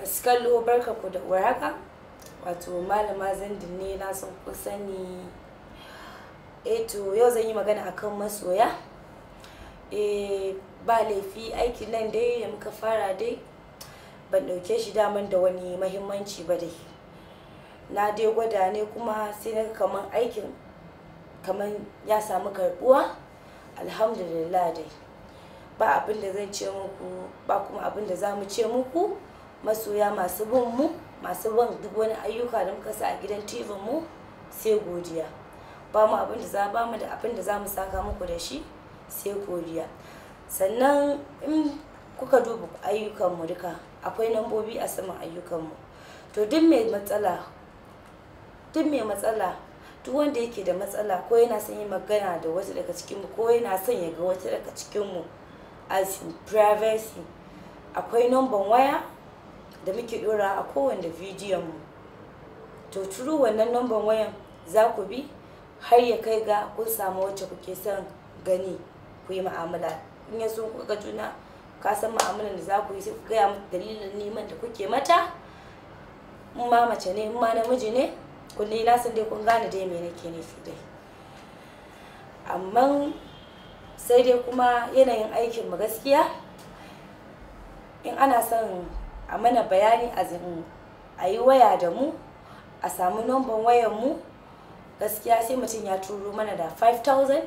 masu kallo barka ku da waraka wato malama zandin ne na san ku sani eh to yau zan yi magana akan masoya e ba laifi aiki nan dai da muka fara dai ban ɗauke shi daman da wani mahimmanci ba dai na dai gwada ne kuma sai na kaman aikin kaman ya samu karɓuwa alhamdulillah dai ba abin da zan ce muku ba kuma abin da za mu ce muku masoya masu bin mu masu bin duk wani ayyuka da muka sa a gidan tv mu sai godiya ba mu abin da za ba mu da abin da za mu saka muku da shi sai godiya sannan in kuka duba ayyukan mu duka akwai nambobi a saman ayyukan mu. to duk mai matsala duk mai matsala duk wanda yake da matsala ko yana son yin magana da wata daga cikinmu ko yana son ya ga wata daga cikinmu as privacy akwai numban waya da muke dora a kowanne bidiyon mu to turu wannan number wayan za ku bi har ya kai ga kun samu wacce kuke son gani ku yi mu'amala in ya kuka ga juna ka san da za ku yi sai ku gaya mata dalilin neman da kuke mata in ma mace ne in ma namiji ne kun na nasan dai kun gane dai me nake nufi dai amma sai dai kuma yanayin aikin mu gaskiya in ana son a mana bayani a a yi waya da mu a samu numban wayan mu gaskiya sai mutum ya turo mana da 5000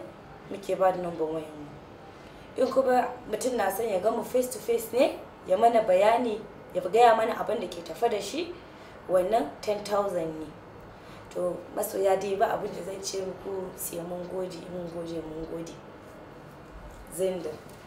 muke ba da numban wayan mu in kuma mutum na son ya ga mu face to face ne ya mana bayani ya gaya mana abin da ke tafa da shi wannan 10,000 ne to masoya dai ba abin da zan ce muku sai mun gode mun gode mun gode zinda